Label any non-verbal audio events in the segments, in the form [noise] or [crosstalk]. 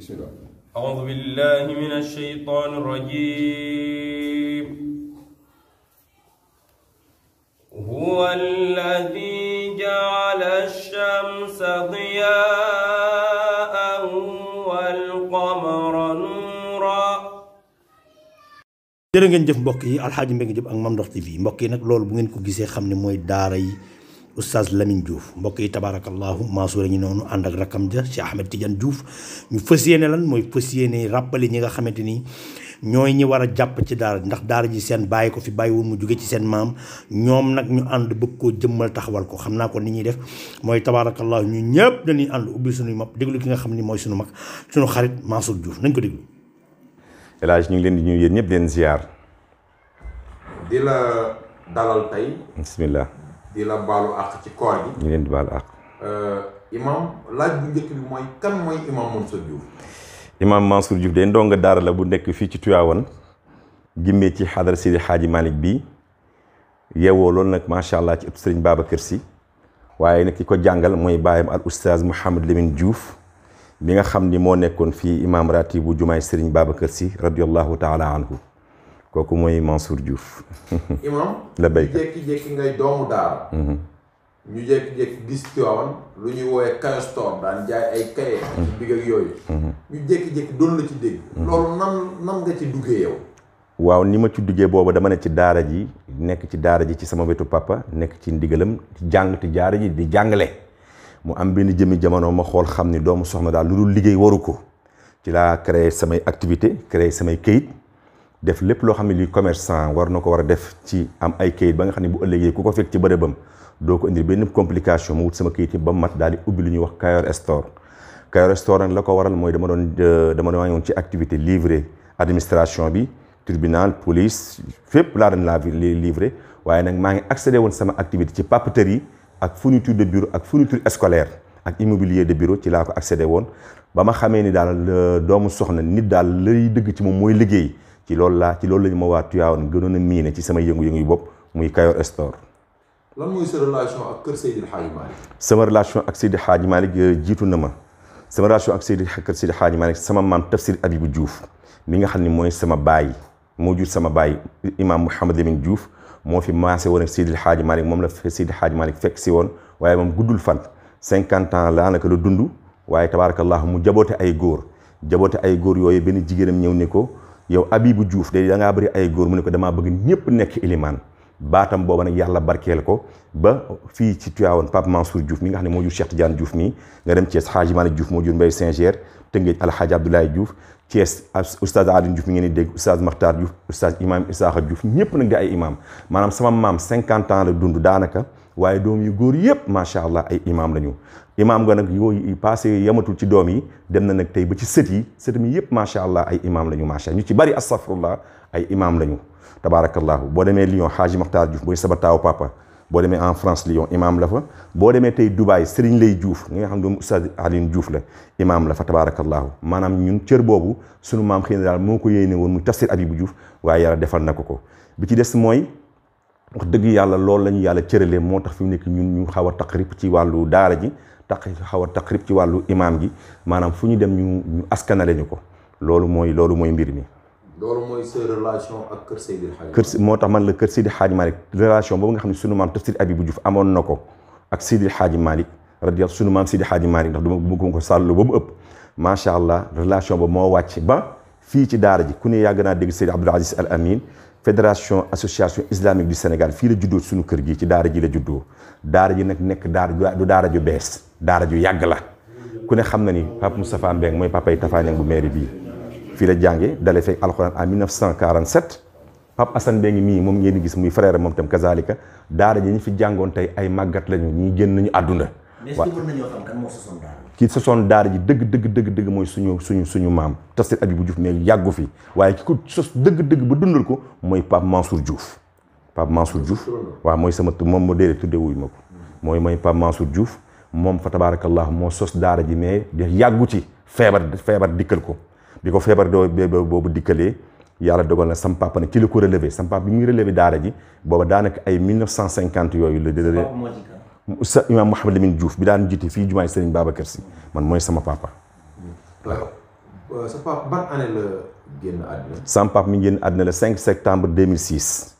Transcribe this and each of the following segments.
بسم الله أعوذ بالله من الشيطان الرجيم هو الذي جعل الشمس ضياء والقمر نورا jërë ngeen jëf mbokk yi alxaaji Mbengue Diop ak Mame Ndokh TV mbokk yi nag loolu bu ngeen ko gisee xam ne mooy daara yi oustaz Lamine Diouf mbokk yi tabaarakallaahu Mansour a ngi noonu ànd ak rakam ja Cheikh Ahmed Tidiane juuf ñu fas yéene lan mooy fas yéene rappelé ñi nga xamante ni ñooy ñi war a jàpp ci daara ndax daara ji seen bàyyi ko fi bàyyiwul mu jóge ci seen maam ñoom nag ñu ànd bëgg koo jëmmal taxawal ko xam naa ko ni ñuy def mooy tabaarakallaahu ñu ñëpp dañuy ànd ubbi suñuy mag déglu ki nga xam ni mooy suñu mag suñu xarit Mansour Diouf nañ ko déglu. El Hadj ñu ngi leen di nuyu yéen ñëpp di leen ziar. di la baalu àq ci koor gi. ñu leen di baalu àq. Euh, imaam laaj bu njëkk bi mooy kan mooy imaam Mansour Diouf. imaam Mansour Diouf de ndonga daara la bu nekk fii ci Tivaouane jëmmee ci xadara Seydi Xaaji Malick bi yeewoo loolu nag macha allah ci ëpp sëriñ Babacar Sy waaye nag ki ko jàngal mooy baayam al oustaz Mouhamed Lamine Diouf mi nga xam ni moo nekkoon fii imaam ratib bu jumaay sëriñ Babacar Sy radiyallahu taala anhu kooku mooy Mansour Diouf. imam [laughs] la béykat ñu jékki ngay doomu daara. Mhm. ñu jékki-jékki gis Tiwaawan lu ñuy woowee Castor daan jaay ay kaye. Mhm. ci digg yooyu. Mhm. ñu jékki-jékki doon la ci dégg. loolu nan nga ci duggee yow. waaw ni ma ci duggee booba dama ne ci daara ji nekk ci daara ji ci sama wetu papa nekk ci ndigalam ci jàng te daara ji di jàngale mu am benn jëmmi jamono ma xool xam ni doomu soxna daal lu dul liggéey waru ko ci laa créé samay activité créé samay këyit. def lépp loo xam ne li commerçant war na ko war a def ci am ay kayit ba nga xam ne bu ëllëgee ku ko fekk ci bërëbam doo ko indil benn complication mu wut sama kayit yi ba mat daal di ubbi lu ñuy wax Kayor Store Kayor Store la ko waral mooy dama doon euh, dama doon yoon ci activité livré administration bi tribunal police fépp laa doon laa livre waaye nag maa ngi accédé woon sama activité ci papeterie ak fourniture de bureau ak fourniture scolaire ak immobilier de bureau ci laa ko accédé woon ba ma xamee ni daal euh, doomu soxna nit daal lay dëgg ci moom mooy liggéey ci loolu laa ci loolu la ñu ma waa Tivaouane gënoon a miine ci sama yëngu-yëngu yu bopp muy Kayor Store. relation ak kër Seydi Hadji sama relation ak Seydi Hadji Malick euh, jiitu na ma sama relation ak Seydi kër Seydi Hadji Malick sama maam Tafsir Abibou juuf mi nga xam ne mooy sama baay moo jur sama baay imaam Mouhamed Lamine Diouf moo fi maase woon ak Seydi Hadji Malick moom la Seydi Hadji Malick fekk si woon waaye moom guddul fan cinquante ans laa naka la dund waaye tabaarakallah mu jaboote ay góor jaboote ay yooyu benn jigéenam ñëw ne ko. yow Habibou Diouf de da bari ay góor mu ne ko damaa bëgg ñëpp nekk ilimaan baatam booba nag yàlla barkeel ko ba fii ci Tiwaawoon Pape Mansour Diouf mi nga xam ne moo jur Cheikh Tidiane Diouf mii nga dem Thiès Hadji Malick Diouf moo jur Mbaye Saint-Ger Tëngéej Alhaji Abdoulaye Diouf Thiès oustaz Alioune Diouf mi ngeen di dégg oustaz Makhtar Diouf oustaz imam Isaaxa Diouf ñëpp na di ay imam maanaam sama maam cinquante ans la dund daanaka waaye doom yu góor yëpp macha allah ay imaam lañu imaam nga nag yooyu passé yamatul ci doom yi dem na nag tey ba ci sët yi sët mi yëpp macha allah ay imaam lañu macha ñu ci bari astafurlah ay imaam lañu tabaarakallahu boo demee Lyon Haji Makhtar Diouf mooy sama taaw papa boo demee en France Lyon imaam la fa boo demee tey Dubaï Serigne Lay Diouf nga xam ne doomu Oustaz Alioune Diouf la imaam la fa tabaarakallahu maanaam ñun cër boobu sunu maam xëy moo ko yéene woon mu tafsir Abibou Diouf waaye defal na ko ko bi ci des mooy wax dëgg yàlla loolu la ñu yàlla cëralee moo tax fi mu nekk ñun ñu xaw a taqrib ci wàllu daara ji taq xaw a taqrib ci wàllu imaam gi maanaam fu ñu dem ñu ñu askanale ñu ko loolu mooy loolu mooy mbir mi. loolu mooy sa relation ak Kër Seydi moo tax man la Kër Seydi Hadj Malick relation boobu nga xam ne sunu maam Tafsir Abibou Diouf amoon na ko ak Seydi Hadj Malick radiyallahu sunu maam Seydi Hadj Malick ndax du ma bëgg ko sàllu ba mu ëpp macha allah relation ba moo wàcc ba fii ci daara ji ku ne yàgg naa dégg Seydi Abdoul Aziz Al Amin fédération association islamique du Sénégal fii la juddoo suñu kër gi ci daara ji la juddoo daara ji nag nekk daara du daara ju bees daara ju yàgg la ku ne xam na ni Pape Moustapha Mbeng mooy papay Tafañang bu mairie bii fii la jànge dalee fekk alxuraan en 1947 Pape Assane Mbeng mii moom ngeen di gis muy frère moom tam kazalika daara ji ñu fi jàngoon tey ay màggat lañu ñii génn nañu àdduna mais mën nañoo xam sosoon daara ji dëgg dëgg dëgg dëgg mooy suñu suñu suñu maam tafsir bu Diouf mais yàggu fi waaye ki ko sos dëgg dëgg bu dundal ko mooy Pape Mansour Diouf Pape Mansour Diouf waaw mooy sama moom moo déedéet tuddee wuñ ma ko mooy mooy Pape Mansour Diouf moom fa tabaarakallah moo sos daara ji mais yàggu ci feebar feebar dikkal ko bi ko feebar doo boobu dikkalee yàlla dogal na sam papa nag ci la ko relevé sam papa bi muy relevé daara ji booba daanaka ay yooyu la. sa imam Mouhamed Lamine Diouf bi daan jiite fii jumaay Serigne Babacar Sy man mooy sama papa. Euh, sa papa ban année la génn àddina. sama papa mi génn àddina le 5 septembre 2006.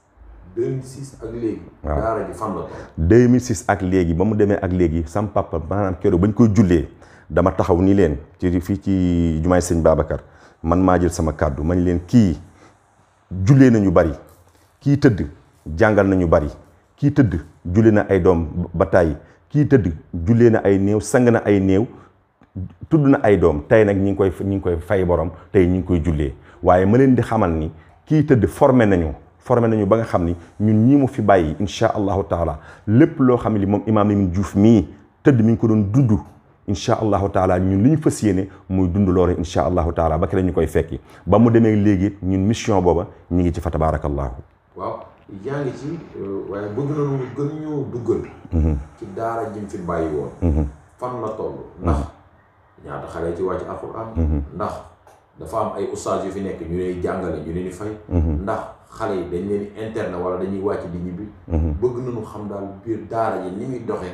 2006 ak la ko. ak léegi ba mu demee ak léegi sama papa maanaam keroog ba ñu koy jullee dama taxaw ni leen ci fii ci jumaay Serigne Babacar man maa jël sama kàddu mañ leen kii jullee nañu bari kii tëdd jàngal nañu bari. kii tëdd julli na ay doom ba tàyyi kii tëdd jullee na ay néew sang na ay néew tudd na ay doom tey nag ñi ngi koy ñi ngi koy fay borom tey ñi ngi koy jullee waaye ma leen di xamal ni kii tëdd formé nañu formé nañu ba nga xam ni ñun ñii mu fi bàyyi incha allahu taala lépp loo xam li moom imaam Lamine juuf mii tëdd mi ko doon dund incha allahu taala ñun li ñu fës yéene muy dund loolu incha allahu taala ba ke ñu koy fekki ba mu demee léegi ñun mission booba ñu ngi ci fa tabaarakallahu yaa ngi ci euh, waaye bëgg na lu gën ñoo duggal mhm. ci daara jim fi bàyyi woon mhm. fan la toll mhm. ndax ñaata xale ci wàcc alxuraan ndax dafa am ay ustaas yu fi nekk ñu lay jàngale ñu leen di fay ndax xale yi dañ leen di interne wala dañuy wàcc di ñibbi bëgg nañu xam daal biir daara ji ni muy doxee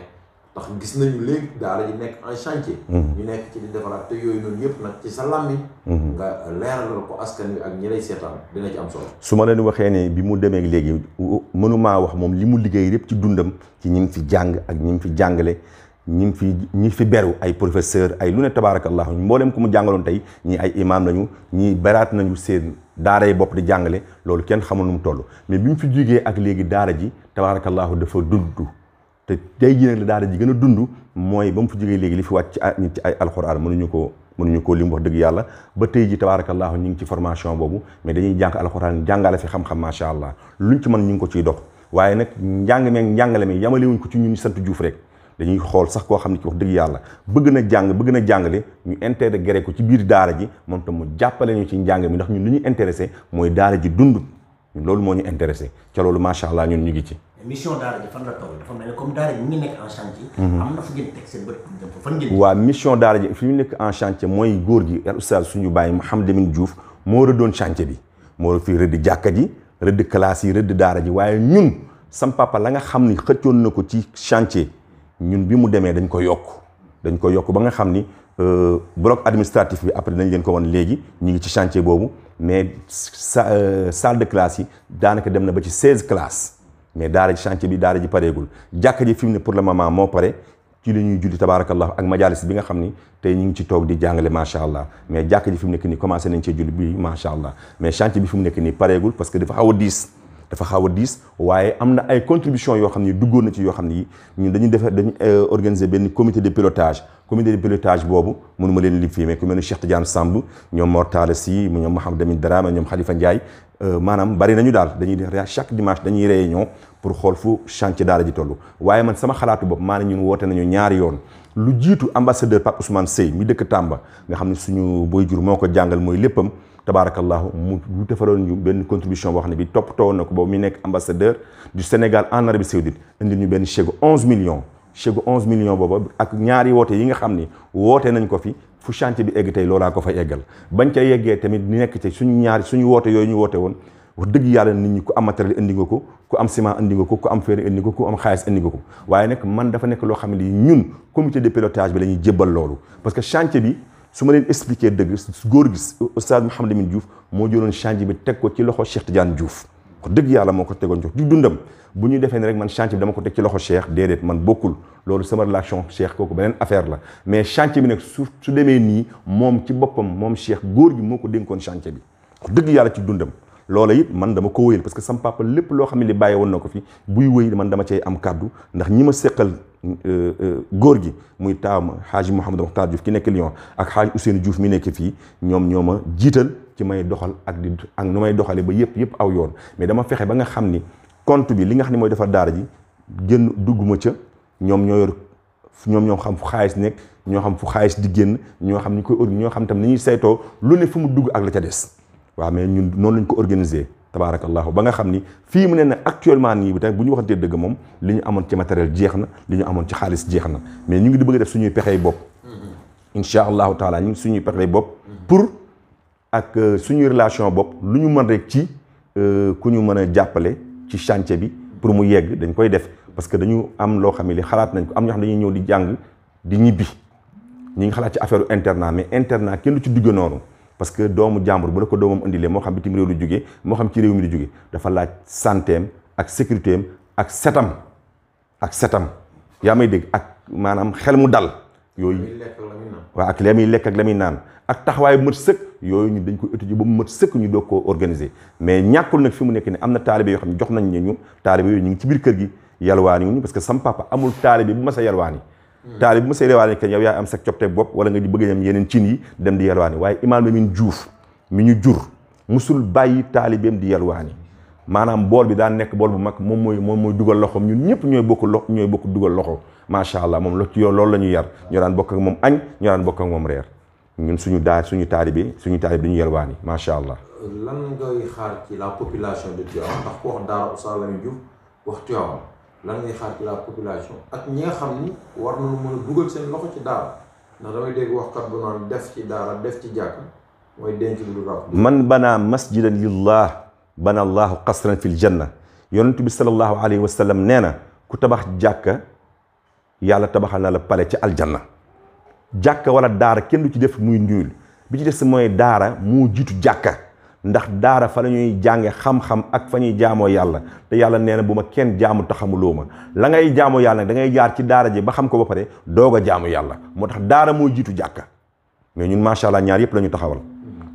ndax gis nañu léegi daara ji nekk en chantier. Mhm. ñu nekk ci di defaraat te yooyu noonu yëpp nag ci sa làmmiñ. Mhm. nga leeralal ko askan wi ak ñi lay seetaan dina ci am solo. su ma leen waxee ne bi mu demee léegi mënumaa wax moom li mu liggéey yëpp ci dundam ci ñi fi jàng ak ñi fi jàngale ñi fi ñi fi beru ay professeur ay lu ne tabaarakallah mboolem ko mu jàngaloon tey ñii ay imaam lañu ñii beraat nañu seen daara yi bopp di jàngale loolu kenn xamul nu mu tol mais bi mu fi jugee ak léegi daara ji tabaarakallah dafa dund. te tey jii nag la daara ji gën a dund mooy ba mu fi jógee léegi li fi wàcc ci ay alxuraan mënuñu ko mënuñu koo lim wax dëgg yàlla ba tey ji tabaarakallaahu ñu ngi ci formation boobu mais dañuy jàng alxuraan jàngale fi xam-xam macha allah mën ñu ngi ko ciy dox waaye nag njàng meeg njàngale mi yamalewuñ ko ci ñun sant Juuf rek dañuy xool sax koo xam ne ci wax dëgg yàlla bëgg na jàng bëgg na jàngale ñu intégré ko ci biir daala ji moom tam mu jàppale ñu ci njàng mi ndax ñun li ñu intéressé mooy daala ji dund loolu moo ñu intéressé ca loolu macha allah ñun ñu ngi ci mission daara ji mhm. mission daara ji fi ñu nekk en chantier mooy góor gi al oustaz suñu bàyyi xam Lamine Diouf moo rëddoon chantier bi moo fi rëdd jàkka ji rëdd classe yi rëdd daara ji waaye ñun sam papa la nga xam ni xëccoon na ko ci chantier ñun bi mu demee dañ ko yokk dañ ko yokk ba nga xam ni euh, bloc administratif bi après dañ leen ko won léegi ñu ngi ci chantier boobu mais sa euh, salle de classe yi daanaka dem na ba ci seize classes. mais daara ji chantier bi daara ji pareegul jàkka ji fi mu ne pour le moment moo pare ci ñuy julli tabaarakallah ak majalis bi nga xam ni te ñu ngi ci toog di jàngale macha allah mais jàkka ji fi mu nekk nii commencé nañ cee julli bi macha allah mais chantier bi fi mu nekk nii pareegul parce que dafa xaw a dafa xaw a diis waaye am na ay contribution yoo xam ni duggoon na ci yoo xam ni ñun dañu defar dañu euh, organiser benn comité de pilotage comité de pilotage boobu mënuma leen lim fii mais ku mel ni Cheikh Tidiane Samb ñoom Mor Talla Sy ñoom Mouhamed Amine Dramé ñoom Khalifa Ndiaye euh, maanaam bari nañu daal dañuy def chaque dimanche dañuy réunion pour xool fu chantier daara ji toll waaye man sama xalaatu bopp maa ne ñun woote nañu ñaari yoon lu jiitu ambassadeur Pape Ousmane Seye mi dëkk Tamba nga xam ne suñu boy jur moo ko jàngal mooy léppam tabaarakallaahu mu defaroon ñu benn contribution boo xam ne bi toppatoo na ko boobu mi nekk ambassadeur du Sénégal en Arabie Saoudite indil benn chèque 11 millions chèque 11 millions booba ak ñaari woote yi nga xam ni woote nañ ko fi fu chantier bi egg tey loolaa ko fa eggal bañ ca yeggee tamit nekk ci suñ ñaari suñu woote yooyu ñu woote woon wax dëgg yàlla nit ñi ku am matériel indi nga ko ku am ciment indi nga ko ku am fer indi nga ko ku am xaalis indi nga ko waaye nag man dafa nekk loo xam ne ñun comité de pilotage bi la ñuy jébbal loolu su ma leen expliqué dëgg góor gi oustaz Mouhamed Lamine Diouf moo jëloon chantier bi teg ko ci loxo Cheikh Tidiane Diouf wax dëgg yàlla moo ko tegoon jox du dundam bu ñu defee ne rek man chantier bi dama ko teg ci loxo Cheikh déedéet man bokkul loolu sama relation Cheikh kooku beneen affaire la mais chantier bi nag su su demee nii moom ci boppam moom Cheikh góor gi moo ko dénkoon chantier bi ku dëgg yàlla ci dundam loola it man dama ko wéyal parce que sam papa lépp loo xam ne li bàyyi woon na ko fi buy wéy man dama cay am kàddu ndax ñi ma seqal euh, euh, góor gi muy taam xaaji Mouhamadou Mokhtar Diouf ki nekk Lyon ak xaaji Ousseynou Diouf mi nekk fii ñoom ma jiital ci may doxal ak di ak nu may doxale ba yëpp yëpp aw yoon mais dama fexe ba nga xam ni compte bi li nga xam ne mooy defar daara ji génn dugguma ca ñoom ñoo yor ñoom ñoom xam fu xaalis nekk ñoo xam fu xaalis di génn ñoo xam ni koy ër ñoo xam tam ni ñuy saytoo lu ne fu mu dugg ak la ca des waaw mais ñun noonu lañ ko organiser tabaarakallaahu ba nga xam ni fii mu ne nag actuellement nii bi bu ñu waxantee dëgg moom li ñu amoon ci matériel jeex na li ñu amoon ci xaalis jeex na mais ñu ngi di bëgg def suñuy pexey bopp mm-hmm. incha allahu taala ñu ngi suñuy pexey bopp pour ak euh, suñuy relation bopp lu ñu mën rek ci euh, ku ñu mën a jàppale ci chantier bi pour mu yegg dañ koy def parce que dañu am loo xam ne li xalaat nañ ko am ñoo xam dañuy ñëw di jàng di ñibbi ñu ngi xalaat ci affaire internat mais internat kenn lu ci dugg noonu parce que doomu jàmbur bu la ko doomam indilee moo xam bitim réew lu jógee moo xam ci réew mi lu jógee dafa laaj santeem ak sécuritéem ak setam ak setam yaa may dégg ak maanaam xel mu dal yooyu waaw ak la muy lekk ak la muy naan ak taxawaay bu mat sëkk yooyu ñu dañ ko étudier ba mu mat sëkk ñu doog koo organiser mais ñàkkul nag fi mu nekk ne am na taalibe yoo xam jox nañ ne ñu taalibe yooyu ñu ngi ci biir kër gi yalwaani wuñu parce que sam papa amul taalibe bu mas a yalwaani taali mm. bu mu see yelwaane ken yow yaa am sa copte bopp wala nga bëgg ñam yeneen cin yi dem di yelwaani waaye imaam Lamine Diouf mi ñu jur musul bàyyi taalibeem di yelwaani maanaam bool bi daan nekk bool bu mag moom mooy moom mooy dugal loxoom ñun ñëpp ñooy bokk lox ñooy bokk dugal loxo macha allah moom lo ci yow loolu la ñu yar ñoo daan bokk ak moom añ ñoo daan bokk ak moom reer ñun suñu daa suñu taalibe suñu taalibe dañu yelwaani macha allah lan ngay xaar ci la population de Tivaouane ndax ku wax Daara Oustaz Lamine Diouf lan ngay xaar ci la population ak ñi nga xam ni war nañu mën a seen loxo ci daara ndax damay dégg waxkat bu naan def ci daara def ci jàkk mooy denc lu rafet man banaa masjidan bi nee na ku tabax jàkka yàlla tabaxal ci aljanna jàkka wala daara kenn du ci def muy nuyul bi mooy daara moo jiitu jàkka ndax daara fa la ñuy jànge xam-xam ak fa ñuy jaamoo yàlla te yàlla nee na bu ma kenn jaamu taxamuloo ma la ngay jaamoo yàlla nag da jaar ci daara ji ba xam ko ba pare doog a yàlla moo tax daara moo jiitu jàkka mais ñun macha allah ñaar yëpp la ñu taxawal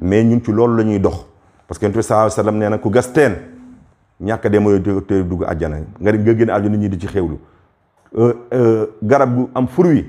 mais ñun ci loolu la ñuy dox parce que yonent sa sallallahu alayhi wasallam nee na ku gas teen ñàkk de mooy te dugg àjjana nga nga génn àjjana nit ñi di ci xewlu euh, euh, garab gu am fur wi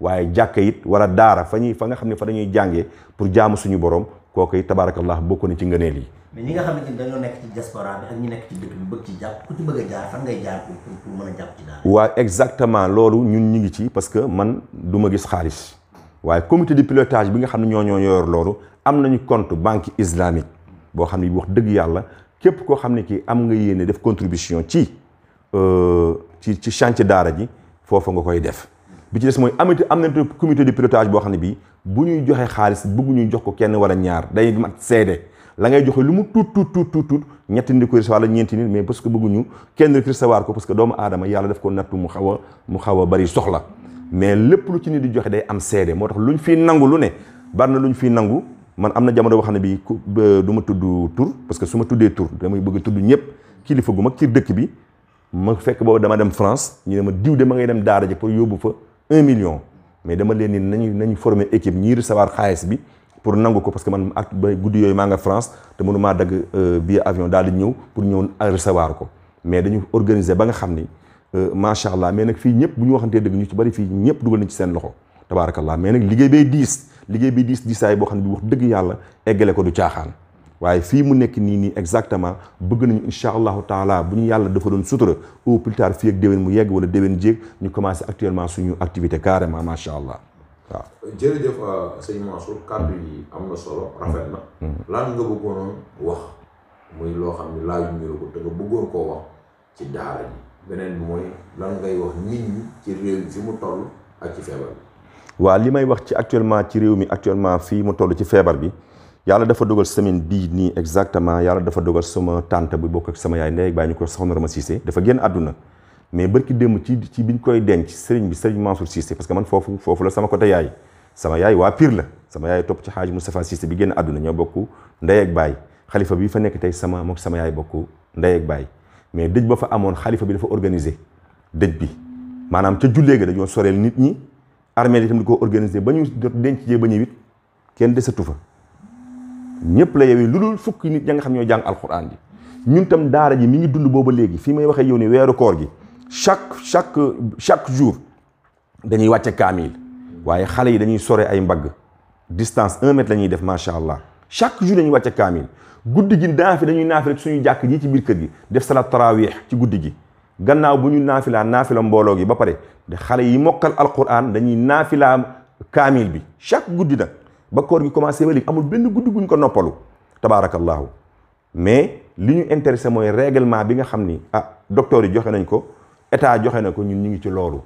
waaye jàkka it wala daara fa ñuy fa nga xam ne fa dañuy jàngee pour jaamu suñu borom kooku yi it tabaarakallah bokk na ci ngënee yi. mais ñi nga xamante ni dañoo nekk ci diaspora bi ak ñi nekk ci dëkk bi bëgg ci jàpp ku ci bëgg a jaar fan ngay jaar pour pour mën a jàpp ci daal. waaw exactement loolu ñun ñu ngi ci parce que man duma ma gis xaalis waaye comité de pilotage bi nga xam ne ñoo ñoo yor loolu am nañu compte banque islamique boo xam ne wax dëgg yàlla képp koo xam ne kii am nga yéene def contribution ci euh, ci ci chantier daara ji foofu nga koy def. bi ci des mooy amati am na comité de pilotage boo xam ne bii bu ñuy joxe xaalis bëgguñu jox ko kenn wala ñaar day mat seede la ngay joxe lu mu tuut tuut tuut tuut tuut ñetti nit ko recevoir la ñeenti nit mais parce que bëgguñu kenn recevoir ko parce que doomu aadama yàlla daf ko nattu mu xaw a mu xaw a bari soxla mais lépp lu ci nit di joxe day am seede moo tax lu ñu fi nangu lu ne bari na lu luñ fiy nangu man am na jamono boo xam ne bii du ma tudd tur parce que su ma tuddee damay bëgg tudd ñëpp kilifa gu mag ci dëkk bi fekk boobu dama dem France ñu ne ma diw ma ngay dem daara ji pour yóbbu fa un million mais dama leen ni nañu nañu former équipe ñii recevoir xaalis bi pour nangu ko parce que man ak ba guddi yooyu maa nga France te mënumaa dagg euh, billet avion daal di ñëw pour ñëw recevoir ko mais dañu organiser ba nga xam ni euh, macha allah mais nag fii ñëpp bu ñu waxantee dëgg ñu ci bari fii ñëpp dugal nañ ci seen loxo tabaarakallah mais nag liggéey bay diis liggéey bay diis diisaay boo xam ne bi wax dëgg yàlla eggale ko du caaxaan. waaye fii mu nekk nii nii exactement bëgg nañu incha allahu taala bu ñu yàlla dafa doon sutura au plus tard fii ak déwén mu yegg wala déwén jéeg ñu commencé actuellement suñu activité carrément macha allah waaw. jërëjëf euh, sëñ Mansour kàddu yi am na solo rafet na. Mm-hmm. Mm-hmm. lan nga bëggoon wax muy loo xam ne laaj ñu la ko te nga bëggoon koo wax ci daara ji beneen bi mooy lan ngay wax nit ñi ci réew mi fi mu toll ak ci feebar bi. waaw li may wax ci actuellement ci réew mi actuellement fii mu toll ci feebar bi. yàlla dafa dogal semaine bii nii exactement yàlla dafa sama tante bu bokk ak sama yaay ndey bàyyi ñu ko soxna Rama Cissé dafa génn àdduna mais barki démb ci ci ñu koy denc sëriñ bi sëriñ Mansour Cissé parce que man foofu foofu la sama côté yaay sama yaay waa piir la sama yaay topp ci xaaj Moustapha Cissé bi génn àdduna ñoo bokk ndey ak baay xalifa bi fa nekk tey sama mook sama yaay bokk ndey ak mais dëj ba fa amoon xalifa bi dafa organiser dëj bi maanaam ca jullee ga dañoo soreel nit ñi armée itam di ko organiser ba ñu denc jee ba ñëw it kenn desatu fa ñëpp la yewi lu dul fukk nit ña nga xam ñoo jàng alxuraan ji ñun tam daara ji mi ngi dund booba léegi fii may waxee yow ni weeru koor gi chaque chaque chaque jour dañuy wàcce kaamil waaye xale yi dañuy sore ay mbagg distance un mètre def macha allah chaque jour dañuy wàcce kaamil guddi gi naafi dañuy naafi rek suñu jàkk ji ci biir kër gi def salaat tarawih ci guddi gi gannaaw bu ñu naafilaa naafila mbooloo gi ba pare de xale yi mokkal alquran dañuy naafila kaamil bi chaque guddi nag ba koor gi commencé ba léegi amul benn guddi guñ ko noppalu tabaarakallaahu mais li ñu intéressé mooy réglement bi nga xam ni ah docteur yi joxe nañ ko état joxe na ko ñun ñu ngi ci loolu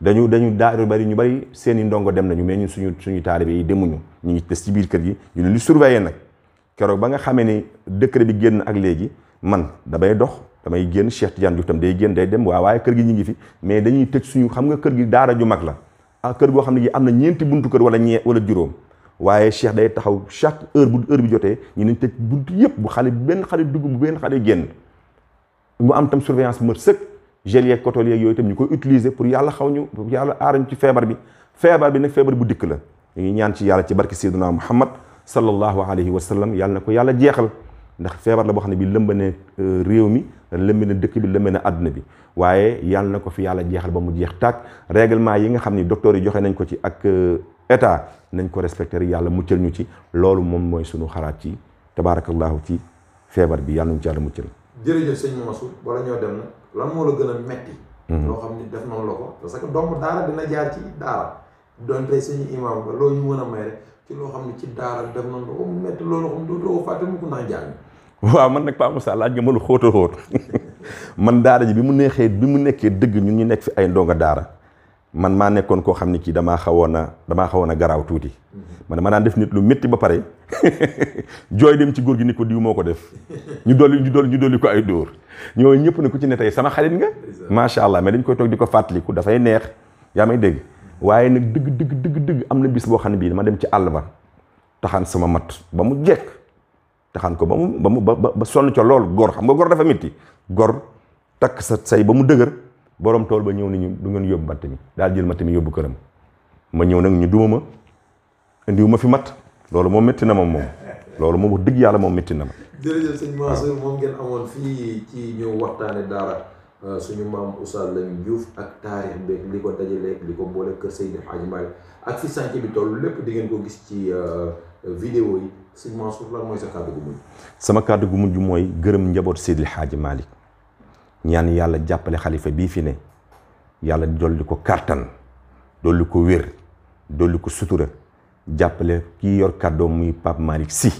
dañu dañu daari bari ñu bari seen i ndongo dem nañu mais ñun suñu suñu taalibe yi demuñu ñu ngi des ci biir kër gi ñu leen di surveiller nag keroog ba nga xamee ni décret bi génn ak léegi man damay dox damay génn Cheikh Tidiane Diouf tam day génn day dem waawaaye kër gi ñu ngi fi mais dañuy tëj suñu xam nga kër gi daara ju mag la ah kër goo xam ne gi am na ñeenti buntu kër wala ñee wala juróom waaye Cheikh day taxaw chaque heure bu heure bi jotee ñu nañ tëj bunt yëpp bu xale benn xale dugg bu benn xale génn bu am tam surveillance mër sëkk gel yeeg coton yeeg yooyu tam ñu ko utiliser pour yàlla xaw ñu yàlla aarañ ci feebar bi feebar bi nag feebar bu dikk la ñu ñaan ci yàlla ci barke Seydina Muhammad sallallahu alayhi wa sallam yàlla na ko yàlla jeexal ndax feebar la boo xam ne bi lëmb euh, réew mi lëmb na dëkk bi lëmb na àdduna bi waaye yàlla na ko fi yàlla jeexal ba mu jeex tàkk règlement yi nga xam ni docteur yi joxe nañ ko ci ak euh, état nañ ko respecté yàlla yàlla muccal ñu ci loolu moom mooy sunu xalaat ci tabaarakallahu ci feebar bi yàlla ñu ci yàlla muccal. jërëjëf sëñ Mansour wala ñoo dem nag lan moo la gën a metti. Hmm. loo xam ni que doomu daara dina ci daara mën a may rek ci loo xam def noonu la ko mu metti loolu xam doo doo fàtte mu ko ndax jàng. man nag paamu Moussa laaj nga ma lu xóot a [laughs] man daara ji bi mu neexee bi mu nekkee dëgg ñu ñu nekk fi ay ndonga daara. man maa nekkoon koo xam ne kii damaa xawoon a damaa xawoon a garaaw tuuti man ma daan def nit lu métti ba pare [laughs] jooy dem ci góor gi ni ko diw moo ko def ñu dolli ñu dolli ñu dolli ko ay dóor ñooñu ñëpp ne ku ci ne tey sama xarit nga macha allah mais dañ koy toog di ko fàttaliku dafay neex yaa may dégg waaye nag dëgg dëgg dëgg dëgg am na bis boo xam ne bii dama dem ci àll ba taxaan sama mat ba mu jekk taxaan ko ba mu ba mu ba ba sonn ca lool gor xam nga gor dafa métti gor takk sa say ba mu dëgër borom tool ba ñëw nañu du ngeen yóbbu matt mi daal jël matt mi yóbbu këram ma ñëw nag ñu duma ma indiwu fi mat loolu moom métti na ma moom loolu moom wax yàlla moom métti na ma. jërëjëf sëñ Mansour moom ngeen fii ci waxtaane euh, suñu maam Oustaz Lamine ko dajaleeg li ko boole kër Seydi Hadji di ngeen ko gis ci euh, vidéo yi sëñ Mansour lan mooy sa kàddu gu mujj. sama kàddu gu mujj mooy gërëm njaboot Seydi Hadji Malick ñaan yàlla jàppale xalifa bii fi ne yàlla jolli ko kàttan dolli ko wér dolli ko sutura jàppale kii yor kàddoo muy Pape Malick si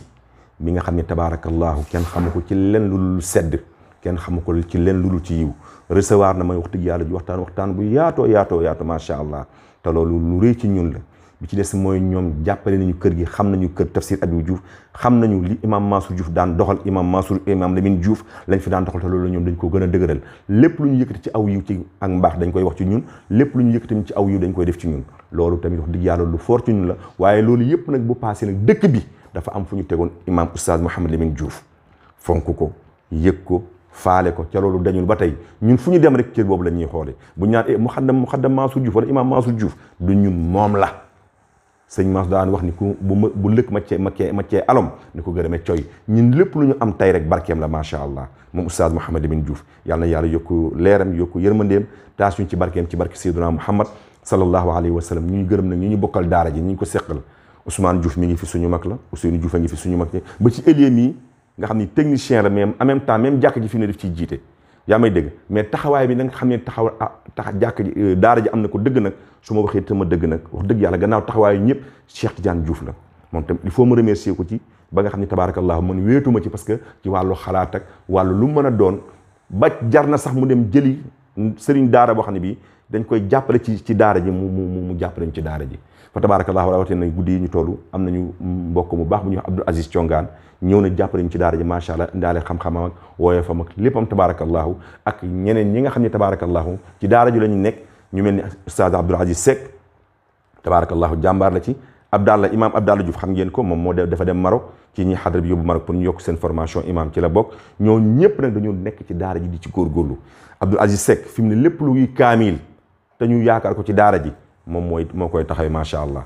mi nga xam ne tabaarakallaahu kenn xamu ko ci lenn lu dul sedd kenn xamu ko ci leen lu lu ci yiw recevoir na may wax dëgg yàlla ji waxtaan waxtaan bu yaatoo yaatoo yaatoo macha allah te loolu lu rëy ci ñun la bi ci des mooy ñoom jàppale nañu kër gi xam nañu kër Tafsir Abibu Diouf xam nañu li imam Mansour Diouf daan doxal imam Mansour imam Lamine Diouf lañ fi daan doxal te loolu ñoom dañ ko gën a dëgëral lépp lu ñu yëkkati ci aw yiw ci ak mbaax dañ koy wax ci ñun lépp lu ñu yëkkati ci aw yiw dañ koy def ci ñun loolu tamit wax dëgg yàlla lu fort ci ñun la waaye loolu yëpp nag bu passé nag dëkk bi dafa am fu ñu tegoon imam oustaz Mouhamed Lamine Diouf fonk ko yëg ko faale ko ca loolu dañul ba tey ñun fu dem rek cër boobu la ñuy xoole bu ñaan eh Mouhamed Mansour Diouf wala imam Mansour du ñun moom la sëñ Mansour daan wax ni ku bu ma bu lëkk ma cee ma cee ma cee alom ni ko gërëmee coy ñun lépp lu ñu am tay rek barkeem la macha allah moom oustaz Mouhamed Amine Diouf yàlla na yàlla yokku leeram yokku yërmandeem taas ñu ci barkeem ci barke Seydina Mouhamed sallallahu alayhi wa sallam ñu ñu gërëm nag ñu ñu bokkal daara ji ñu ñu ko seqal Ousmane Diouf mi ngi fi suñu mag la Ousseynou Diouf a ngi fi suñu mag la ba ci élié mii nga xam ni technicien la mais en même temps même jàkk ji fi jiite yaa may dégg mais taxawaay bi na xam ne taxaw ah, tax jàkk ji euh, daara ji am na ko dëgg nag su ma waxee sama dëgg nag wax dëgg yàlla gannaaw taxawaayu ñëpp Cheikh Tidiane juuf la moom tam il faut ma remercier ko ci ba nga xam ne tabaarakallahu man wéetuma ci parce que ci wàllu xalaat ak wàllu lu mën a doon ba jar na sax mu dem jëli sëriñ daara boo xam ne bii dañ koy jàppale ci ci daara ji mu mu mu jàppale ci daara ji fa tabarakallahu rawatina guddi yi ñu toll am nañu mbokk mu baax bu ñu wax Abdou Aziz Thiongaan ñëw na jàppale ñu ci daara ji macha allah ndaale xam-xamam ak wooye fam ak léppam tabarakallahu ak ñeneen ñi nga xam ne tabarakallahu ci daara ji la ñu nekk ñu mel ni oustaz Abdou Aziz Seck tabarakallahu jàmbaar la ci Abdallah imam Abdallah Diouf xam ngeen ko moom moo dafa dem Maroc ci ñi xadra bi yóbbu Maroc pour ñu ci la bokk ñoo ñëpp nag dañoo nekk ci daara ji di ci góorgóorlu Abdou Aziz Seck fi mu ne lépp luy kaamil te ñu yaakaar ko ci daara ji moom mooy moo koy taxawee macha allah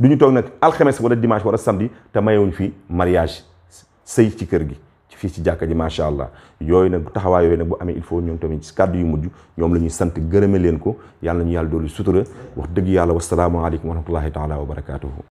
du ñu toog nag alxames wala dimanche wala samedi te maye mayewuñ fi mariage sëy ci kër gi fii ci jàkka ji macha allah yooyu nag taxawaa yooyu nag bu amee il faut ñoom tamit ci kàddu yu mujj ñoom la ñuy sant gërëme leen ko yàlla nañu yàlla dolli sutura wax dëgg yàlla wasalaamaaleykum wa rahmatullahi taala wa barakaatuhu